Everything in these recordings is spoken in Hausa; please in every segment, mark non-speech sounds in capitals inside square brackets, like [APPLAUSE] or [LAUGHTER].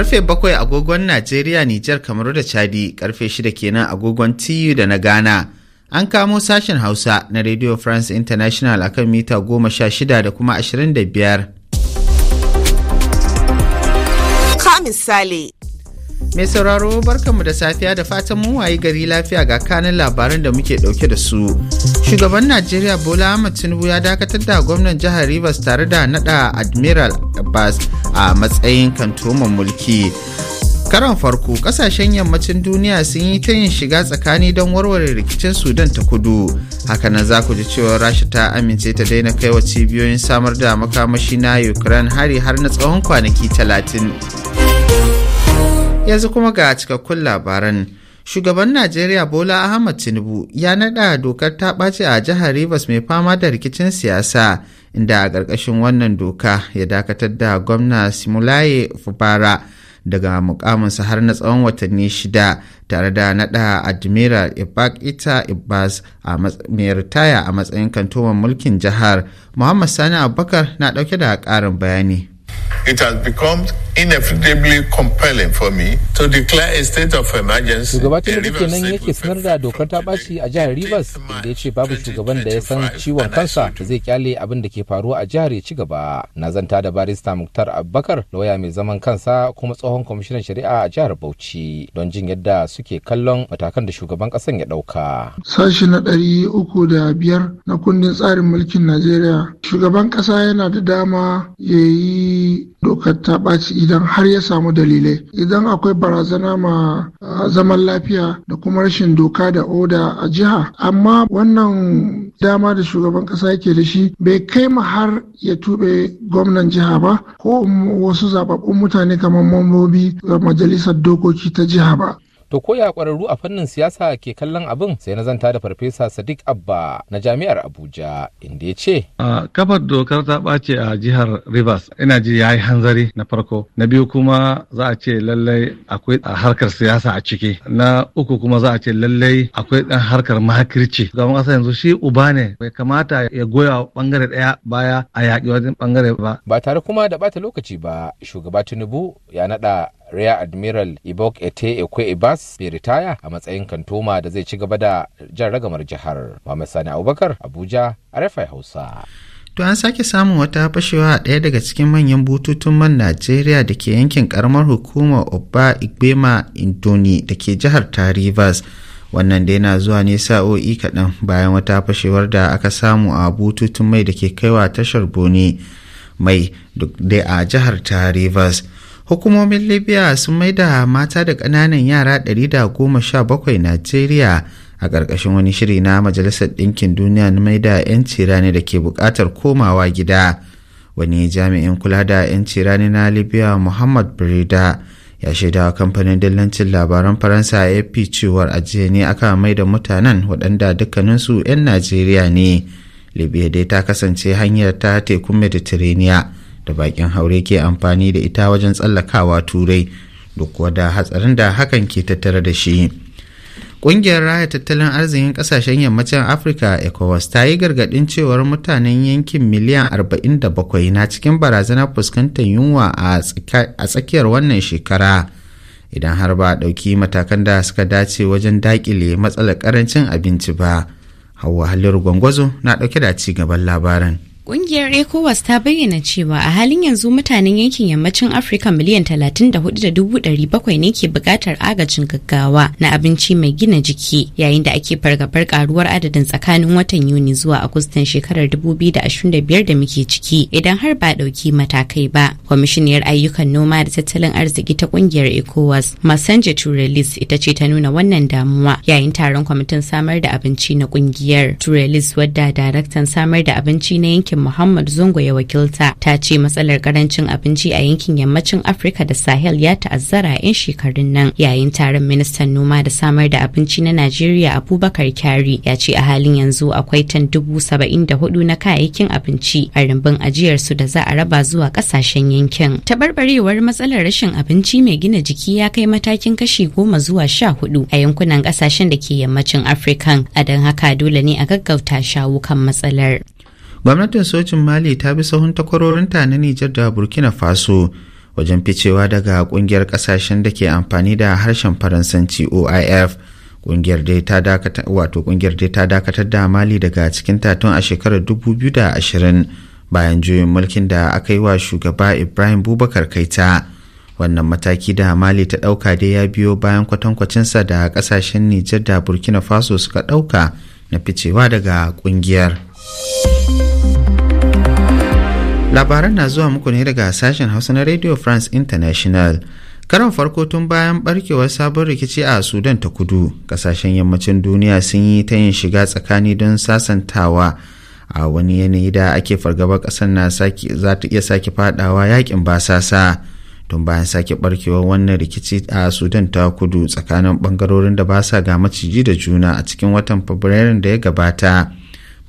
Karfe bakwai agogon Najeriya, Nijar, Kamaru da Chadi, karfe shida kenan agogon TU da na Ghana. An kamo sashen Hausa na Radio France International akan mita goma sha shida da kuma ashirin da biyar. Ka misali. Mai sauraro barkanmu da safiya da fatan mun wayi gari lafiya ga kanin labaran da muke dauke da su. Shugaban Najeriya Bola Ahmed Tinubu ya dakatar da gwamnan jihar Rivers tare da nada Admiral Abbas a matsayin kantoman mulki. karan farko kasashen yammacin duniya sun yi ta yin shiga tsakani don warware rikicin Sudan ta kudu. Hakanan za ku ji cewa Rasha ta amince ta daina kaiwa cibiyoyin samar da makamashi na Ukraine hari har na tsawon kwanaki talatin. yanzu kuma ga cikakkun labaran shugaban najeriya bola ahmad tinubu ya nada dokar ta ɓace a jihar rivers mai fama da rikicin siyasa inda a ƙarƙashin wannan doka ya dakatar da gwamna simulaye fubara daga mukaminsa har na tsawon watanni shida tare da nada admiral ibak ita ibas mai ritaya a matsayin kantoman mulkin jihar muhammad sani abubakar na ɗauke da ƙarin bayani it has become inevitably compelling for me to declare a state of emergency. Shugaba Tinubu kenan yake sanar da dokar ta ɓaci a jihar Rivers da ya ce babu shugaban da ya san ciwon kansa da zai kyale abin da ke faruwa a jihar ya ci gaba. Na zanta da barista Muktar Abubakar lauya mai zaman kansa kuma tsohon kwamishinan shari'a a jihar Bauchi don jin yadda suke kallon matakan da shugaban ƙasan ya ɗauka. Sashi na ɗari uku da biyar na kundin tsarin mulkin Najeriya. Shugaban ƙasa yana da dama ya yi dokar ta ɓaci idan har ya samu dalilai idan akwai barazana ma ah, zaman lafiya da kuma rashin doka da oda a jiha amma wannan dama da shugaban ƙasa yake da shi bai kai ma har ya tuɓe gwamnan jiha ba ko wasu zababbun mutane kamar mambobi majalisar dokoki ta jiha ba To koya kwararru a fannin siyasa ke kallon abin sai na zanta da farfesa Sadiq Abba na Jami'ar Abuja inda ya ce. A kafar dokar ta ɓace a jihar Rivers ina ji ya yi hanzari na farko. Na biyu kuma za a ce lallai akwai harkar siyasa a ciki. Na uku kuma za a ce lallai akwai ɗan harkar makirci. Gaban ƙasa yanzu shi uba ne bai kamata ya goya bangare ɗaya baya a yaƙi wajen bangare ba. Ba tare kuma da ɓata lokaci ba shugaba Tinubu ya naɗa rear admiral ibok ete ekwe ibas bai ritaya a matsayin kantoma da zai ci gaba da jan ragamar jihar muhammad sani abubakar abuja Arefai hausa To an sake samun wata fashewa a ɗaya daga cikin manyan bututun man Najeriya da ke yankin karamar hukumar Oba Igbema Indoni da ke jihar ta Rivers. Wannan da yana zuwa ne sa'o'i kaɗan bayan wata fashewar da aka samu a bututun mai da ke kaiwa tashar Bone mai duk da a jihar ta Rivers. hukumomin libya sun maida mata da ƙananan yara 117 najeriya a ƙarƙashin wani shiri na majalisar ɗinkin duniya na maida 'yanci rani da ke buƙatar komawa gida wani jami'in kula da 'yanci rani na libya muhammad breda ya shaida kamfanin dillancin labaran faransa ap cewar ajiye ne aka maida mutanen waɗanda dukkaninsu 'yan najeriya ne libya dai ta kasance hanyar ta tekun mediterranean da bakin haure ke amfani da ita wajen tsallakawa turai duk da hatsarin da hakan ke tattare da shi Ƙungiyar raya tattalin arzikin ƙasashen yammacin Afirka ECOWAS ta yi gargaɗin cewar mutanen yankin miliyan 47 na cikin barazanar fuskantar yunwa a tsakiyar wannan shekara idan har ba a ɗauki matakan da suka dace wajen daƙile matsalar ƙarancin abinci ba. Hauwa halin Gwangwazo na ɗauke da ci gaban labarin. Ƙungiyar ECOWAS ta bayyana cewa a halin yanzu mutanen yankin yammacin Afirka miliyan 34,700 ne ke buƙatar agajin gaggawa na abinci mai gina jiki yayin da ake fargabar karuwar adadin tsakanin watan Yuni zuwa Agustan shekarar 2025 da muke ciki idan har ba ɗauki matakai ba. Kwamishiniyar ayyukan noma da tattalin arziki ta ƙungiyar ECOWAS Masanje Turelis ita ce ta nuna wannan damuwa yayin taron kwamitin samar da abinci na ƙungiyar. Turelis wadda daraktan samar da abinci na yankin Muhammad Zongo ya wakilta ta ce matsalar karancin abinci a yankin yammacin Afirka da Sahel ya ta'azzara a 'yan shekarun nan yayin taron ministan noma da samar da abinci na Najeriya Abubakar Kyari ya ce a halin yanzu akwai tan dubu saba'in da hudu na kayayyakin abinci a rumbun ajiyar su da za a raba zuwa kasashen yankin. Tabarbarewar matsalar rashin abinci mai gina jiki ya kai matakin kashi goma zuwa sha hudu a yankunan kasashen da ke yammacin Afirka. A don haka dole ne a gaggauta shawo kan matsalar. gwamnatin sojin mali ta bi sahun takwarorinta na nijar da burkina faso wajen ficewa daga kungiyar kasashen da ke amfani da harshen faransanci oif kungiyar dai ta dakatar da mali daga cikin tatun a shekarar 2020 bayan juyin mulkin da aka yi wa shugaba ibrahim bubakar kaita wannan mataki da mali ta dauka dai ya biyo bayan kwatankwacinsa da kasashen nijar da burkina faso suka dauka na ficewa daga kungiyar. labaran na zuwa muku ne daga sashen hausa na radio france international karan farko tun bayan barkewar sabon rikici a sudan ta kudu kasashen yammacin duniya sun yi ta yin shiga tsakani don sasantawa a wani yanayi da ake fargaba kasar na za ta iya sake fadawa yakin basasa tun bayan sake barkewar wannan rikici a sudan ta kudu tsakanin bangarorin da ba sa ga maciji da juna a cikin watan fabrairun da ya gabata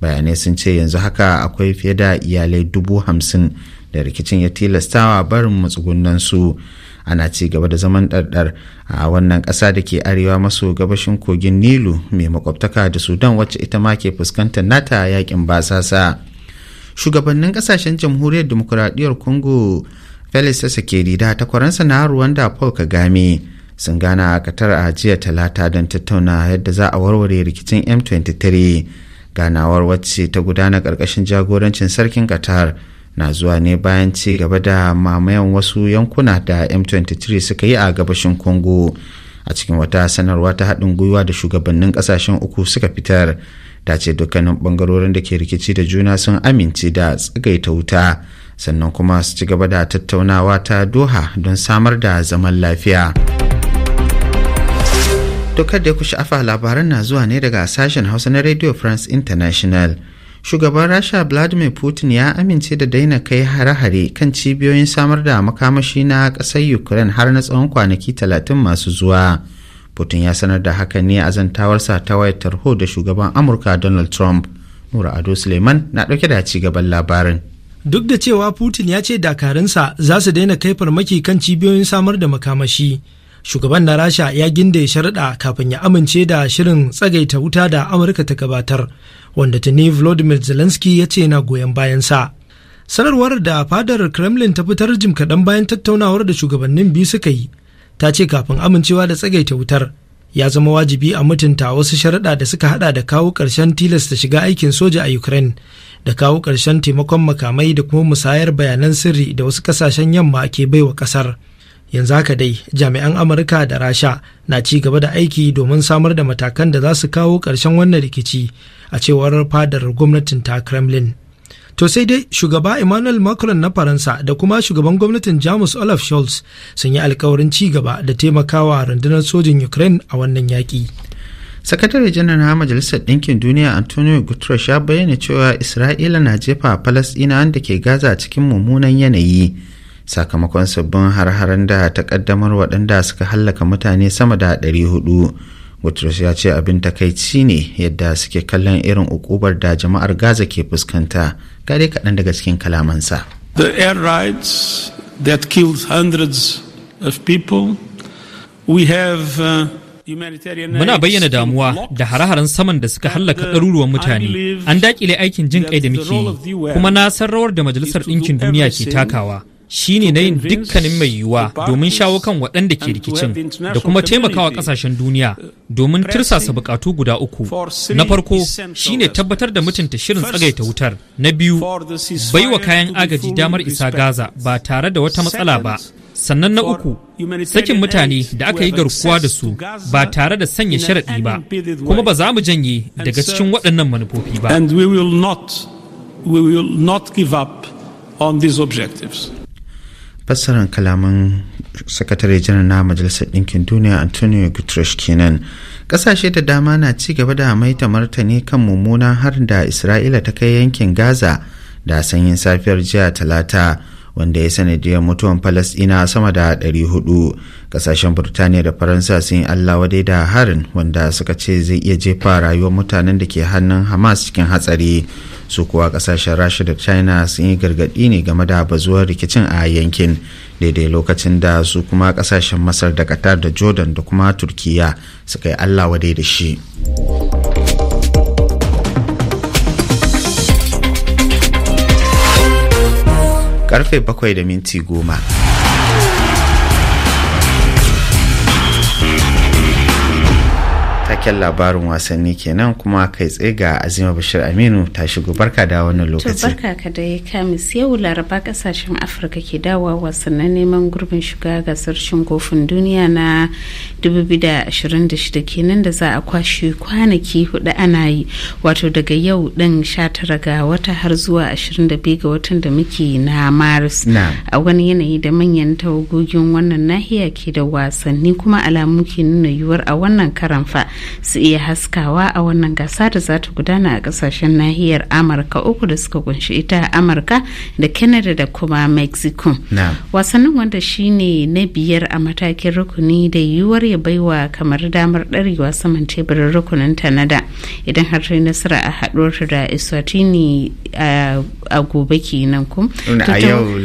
bayanai sun ce yanzu haka akwai fiye da iyalai dubu hamsin da rikicin ya tilastawa barin matsugunan su ana ci gaba da zaman ɗarɗar a wannan ƙasa da ke arewa maso gabashin kogin nilu mai makwabtaka da sudan wacce ita ma ke fuskantar nata yakin basasa shugabannin ƙasashen jamhuriyar demokuraɗiyyar congo felix sasekeri da takwaransa na rwanda paul kagame sun gana a katar a jiya talata don tattauna yadda za a warware rikicin m23 ganawar wacce ta gudana ƙarƙashin jagorancin sarkin qatar na zuwa ne bayan ci gaba da mamayan wasu yankuna da m23 suka yi a gabashin congo a cikin wata sanarwa ta haɗin gwiwa da shugabannin ƙasashen uku suka fitar ta ce dukkanin ɓangarorin da ke rikici da juna sun amince da tsagaita wuta sannan kuma su ci gaba da tattaunawa ta doha don samar da zaman lafiya. To kada ku afa labaran na zuwa ne daga sashen Hausa na Radio France International. Shugaban Rasha Vladimir Putin ya amince da daina kai hare-hare kan cibiyoyin samar da makamashi na ƙasar Ukraine har na tsawon kwanaki talatin masu zuwa. Putin ya sanar da hakan ne a zantawarsa ta wayar tarho da shugaban Amurka Donald Trump. Nura Ado Suleiman na ɗauke da cigaban gaban labarin. Duk da cewa Putin ya ce dakarunsa za su daina kai farmaki kan cibiyoyin samar da makamashi. shugaban na rasha ya ginde sharaɗa kafin ya amince da shirin tsagaita wuta da amurka ta gabatar wanda tuni volodymyr zelensky ya ce na goyon bayansa sanarwar da fadar kremlin ta fitar jim kaɗan bayan tattaunawar da shugabannin biyu suka yi ta ce kafin amincewa da tsagaita wutar ya zama wajibi a mutunta wasu sharaɗa da suka haɗa da kawo ƙarshen tilasta shiga aikin soja a ukraine da kawo ƙarshen taimakon makamai da kuma musayar bayanan sirri da wasu ƙasashen yamma ke baiwa ƙasar yanzu haka dai jami'an amurka da rasha na ci gaba da aiki domin samar da matakan da za su kawo ƙarshen wannan rikici a cewar fadar gwamnatin ta kremlin to sai dai shugaba emmanuel macron na faransa da kuma shugaban gwamnatin jamus olaf scholz sun yi alkawarin ci gaba da taimakawa rundunar sojin ukraine a wannan yaƙi sakatare janar na majalisar ɗinkin duniya antonio guterres ya bayyana cewa isra'ila na jefa palestina da ke gaza cikin mummunan yanayi sakamakon sabbin har-haren da ta kaddamar waɗanda suka hallaka mutane sama da 400 guterres ya ce abin takaici ne yadda suke kallon irin ukubar da jama'ar gaza ke fuskanta gare kaɗan daga cikin kalamansa the air that killed hundreds of people we have uh... Muna bayyana damuwa da hare-haren saman da suka hallaka uh, ɗaruruwan mutane. An daƙile aikin jin ƙai da muke yi, kuma na san rawar da Majalisar Ɗinkin Duniya ke takawa shi ne na yin dukkanin mai yiwuwa domin shawo kan waɗanda ke rikicin da kuma taimakawa ƙasashen duniya domin tirsasa buƙatu guda uku na farko shi ne tabbatar da mutunta shirin tsagaita wutar na biyu baiwa kayan agaji damar isa gaza ba tare da wata matsala ba sannan na uku sakin mutane da aka yi garkuwa da su ba tare da sanya sharaɗi ba kuma ba za mu janye daga cikin waɗannan manufofi ba. fassarar kalaman sakatare janar na majalisar ɗinkin duniya antonio guterres kenan ƙasashe da dama na ci gaba da maita martani kan mummunan harin da isra'ila ta kai yankin gaza da sanyin safiyar jiya talata wanda ya sanadiyar mutuwan falasɗina sama da 400 ƙasashen burtaniya da faransa sun yi allah wadai da harin wanda suka ce zai iya jefa rayuwar mutanen da ke hannun hamas cikin hatsari su kuwa kasashen rasha da china sun yi gargadi ne game da bazuwar rikicin a yankin daidai lokacin da su kuma kasashen masar da qatar da jordan da kuma turkiya suka yi allah wadai da shi karfe bakwai da minti goma taken labarin wasanni kenan kuma kai tsaye ga azima bashir aminu ta shigo barka da wannan lokaci barka ka da ya kamis yau laraba kasashen afirka ke dawowa wasannin neman gurbin shiga gasar cin kofin duniya na 2026 kenan da za a kwashe kwanaki hudu ana yi wato daga yau din 19 ga wata har zuwa 22 ga watan da muke na maris a wani yanayi da manyan tawagogin wannan nahiya ke da wasanni kuma alamu ke nuna yiwuwar a wannan karan fa su iya haskawa a wannan gasa da za ta gudana a kasashen nahiyar amurka uku da suka kunshi ita amurka da canada da kuma mexico wasannin wanda shine na biyar a matakin rukuni da yiwuwar ya baiwa kamar damar ɗarewa saman teburin rukunin tanada idan har ta nasara a haɗuwar da eswatini a gobe kenan kum a yau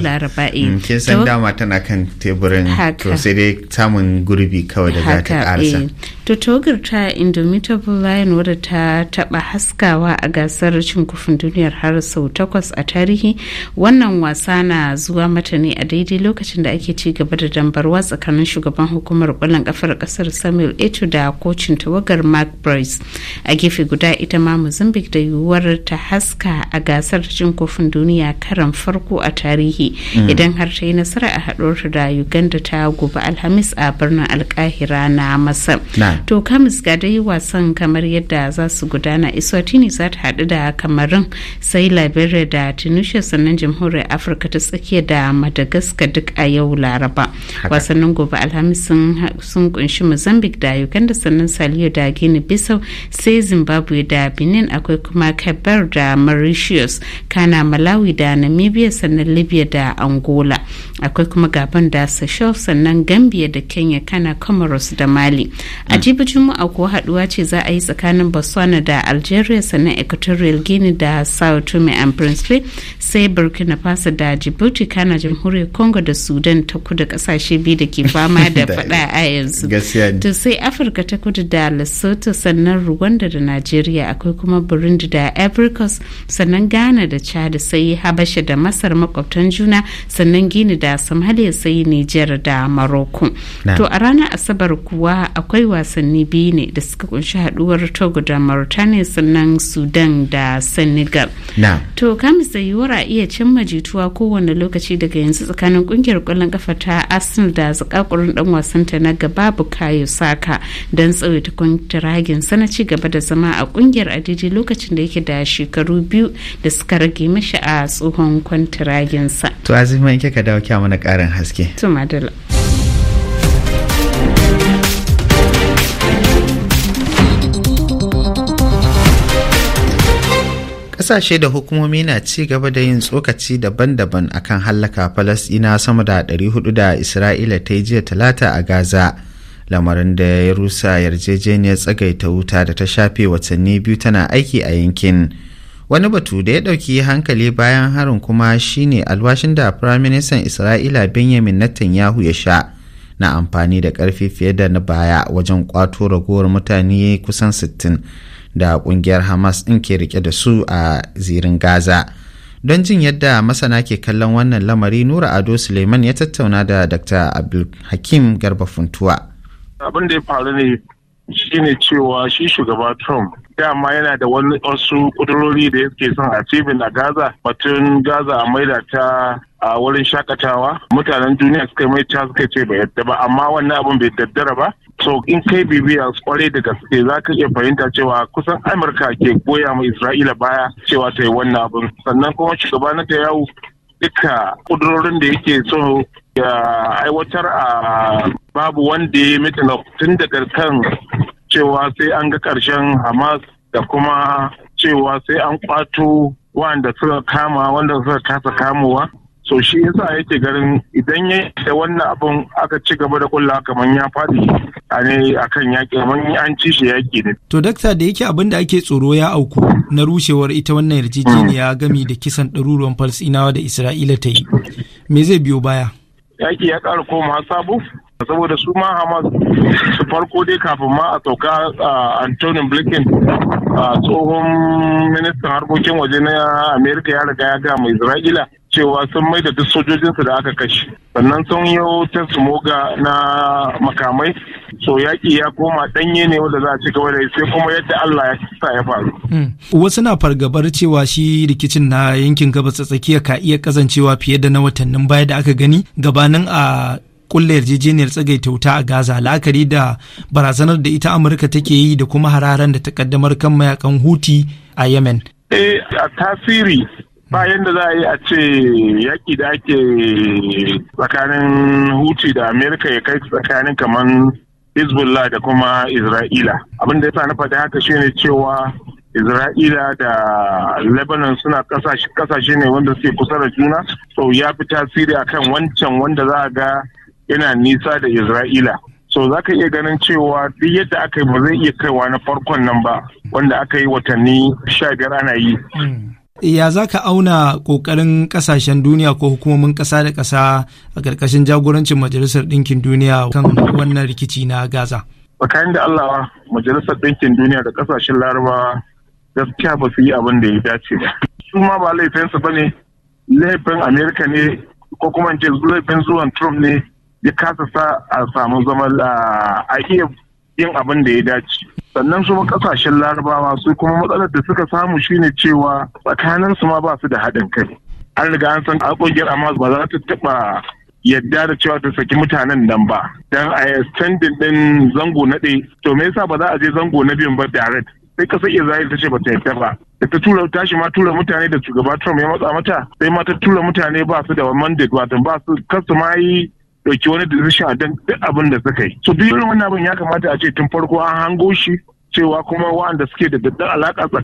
laraba eh. mm, kin san dama tana kan teburin to sai dai samun gurbi kawai da za ta karasa to ta indomitable lion wadda ta taba haskawa a gasar cin kufin duniyar har sau takwas a tarihi wannan wasa na zuwa mata ne a daidai lokacin da ake ci gaba da dambarwa tsakanin shugaban hukumar kwallon kafar kasar samuel eto da kocin tawagar mark bryce a gefe guda ita ma mozambique da yiwuwar ta haska a gasar cin kofin duniya karan farko a tarihi mm. idan har ta yi nasara a haɗuwar da uganda ta gobe alhamis a birnin alkahira na masar to kamis ga dai wasan kamar yadda za su gudana iswatini za ta haɗu da kamarin sai liberia da tunisia sannan jamhuriyar afirka ta tsakiya da madagascar duk a yau laraba wasannin gobe alhamis sun kunshi mozambique da uganda sannan saliyo da guinea bissau sai zimbabwe da benin akwai kuma kabar da mauritius kana malawi da namibia sannan libya da angola akwai kuma gaban da seychelles sannan gambia da kenya kana comoros da mali mu a ko haduwa ce za a yi tsakanin botswana da algeria sannan equatorial guinea da sao tome and principe sai burkina faso da djibouti kana jamhuriyar congo da sudan ta kudu kasashe biyu da ke fama da [LAUGHS] fada a yanzu to sai afirka ta kudu da lesotho sannan rwanda da nigeria akwai kuma burundi da abricos sannan ghana da chad sai habasha da masar makwabtan juna sannan gini da somalia sai niger da morocco to a ranar asabar kuwa akwai wasa. wasanni biyu ne da suka kunshi haduwar togo da mauritania sannan sudan da senegal to kamisa yiwuwar a iya cimma jituwa kowane lokaci daga yanzu tsakanin kungiyar kwallon kafa ta arsenal da zakakurin dan wasanta na gaba bukayo saka don tsawaita kwantiragin sana ci gaba da zama a kungiyar a lokacin da yake da shekaru biyu da suka rage mashi a tsohon kwantiraginsa to azumin in kika dawo kya mana karin haske to madala kasashe da hukumomi na ci gaba da yin tsokaci daban-daban a kan hallaka falasina sama da 400 da Isra'ila ta yi jiya talata a Gaza, lamarin da ya rusa yarjejeniyar tsagaita wuta da ta shafe watanni biyu tana aiki a yankin. Wani batu da ya ɗauki hankali bayan harin kuma shine alwashin da Firaministan Isra'ila Benjamin Netanyahu ya sha. na amfani da karfi fiye da na baya wajen kwato ragowar mutane kusan 60 da kungiyar hamas ɗin ke rike da su a zirin gaza don jin yadda masana ke kallon wannan lamari nura ado suleiman ya tattauna da dr abdulhakim garba funtuwa abin da ya faru ne shine cewa shi shugaba trump dama yana da wasu kudurori da ya ke son a cibin a gaza batun gaza a maida ta a wurin shakatawa mutanen duniya suka mai ta suka ce ba yadda ba amma wannan abin bai daddara ba so in kai bibiya kwarai da gaske za ka iya fahimta cewa kusan amurka ke goya ma isra'ila baya cewa ta yi wannan abin sannan kuma shugaba na ta yawo duka kudurorin da yake so ya aiwatar a babu wanda ya na tun daga kan cewa sai an ga karshen hamas da kuma cewa sai an kwato wanda suka kama wanda suka kasa kamowa so shi yasa yake garin idan ya da wannan abun aka ci gaba da kulla kamar ya faɗi a ne akan yaƙi kamar an ci shi yaƙi ne. To dakta da yake abin da ake tsoro ya auku na rushewar ita wannan yarjejeniya hmm. gami da kisan ɗaruruwan falsinawa da Isra'ila ta yi. Me zai biyo baya? Yaƙi ya ƙara koma Sabu. saboda su ma Hamas su farko dai kafin ma a sauka antony Blinken tsohon ministan harkokin waje na Amerika ya riga ya ga mai Isra'ila cewa sun da duk sojojinsu da aka kashe sannan sun yi ta moga na makamai so yaƙi ya koma ɗanye ne wanda za a ci gaba da sai kuma yadda Allah ya sa ya faru. Hmm. Wasu na fargabar cewa shi rikicin na yankin gabas tsakiya ka iya kazancewa fiye da na watannin baya da aka gani gabanin a kulle yarjejeniyar tsagai tauta a Gaza la'akari da barazanar da ita Amurka take yi da kuma hararen da ta kaddamar kan mayakan Huti a Yemen. Eh a tasiri ba yadda za a yi a ce yaƙi da ake tsakanin huti da amerika ya kai tsakanin kamar hezbollah da kuma isra'ila abin da ya sa na faɗi haka shine cewa Isra'ila da Lebanon suna kasashe ne wanda suke kusa da juna, so ya fi tasiri akan wancan wanda za a ga yana nisa da Isra'ila. So za ka iya ganin cewa duk yadda aka yi ba zai iya kaiwa na farkon nan ba, wanda aka yi watanni sha biyar ana yi. Hmm. Ya za ka auna ƙoƙarin ƙasashen duniya ko hukumomin ƙasa da ƙasa a ƙarƙashin jagorancin Majalisar Ɗinkin Duniya kan wannan rikici na Gaza? Tsakanin da Allah Majalisar Ɗinkin Duniya da ƙasashen Laraba gaskiya ba su yi abin da ya dace ba. Su ma ba laifinsu ba ne, laifin Amerika ne ko kuma ce laifin zuwan Trump ne ya kasa sa a samu zama a iya yin abin da ya dace. sannan su kasashen larabawa su kuma matsalar da suka samu shine cewa tsakanin su ma ba su da haɗin kai an riga an san ƙungiyar amma ba za ta taɓa yadda da cewa ta saki mutanen nan ba dan a extendin din zango na ɗaya to me yasa ba za a je zango na biyun ba direct sai kasar Isra'il ta ce ba ta yadda ba da ta tura tashi ma tura mutane da shugaba Trump ya matsa mata sai ma ta tura mutane ba su da mandate wato ba su kasu ma yi ɗauki wani decision don duk abin da suka yi so duk wannan abin ya kamata a ce tun farko an hango shi cewa kuma waɗanda suke da daddan alaƙa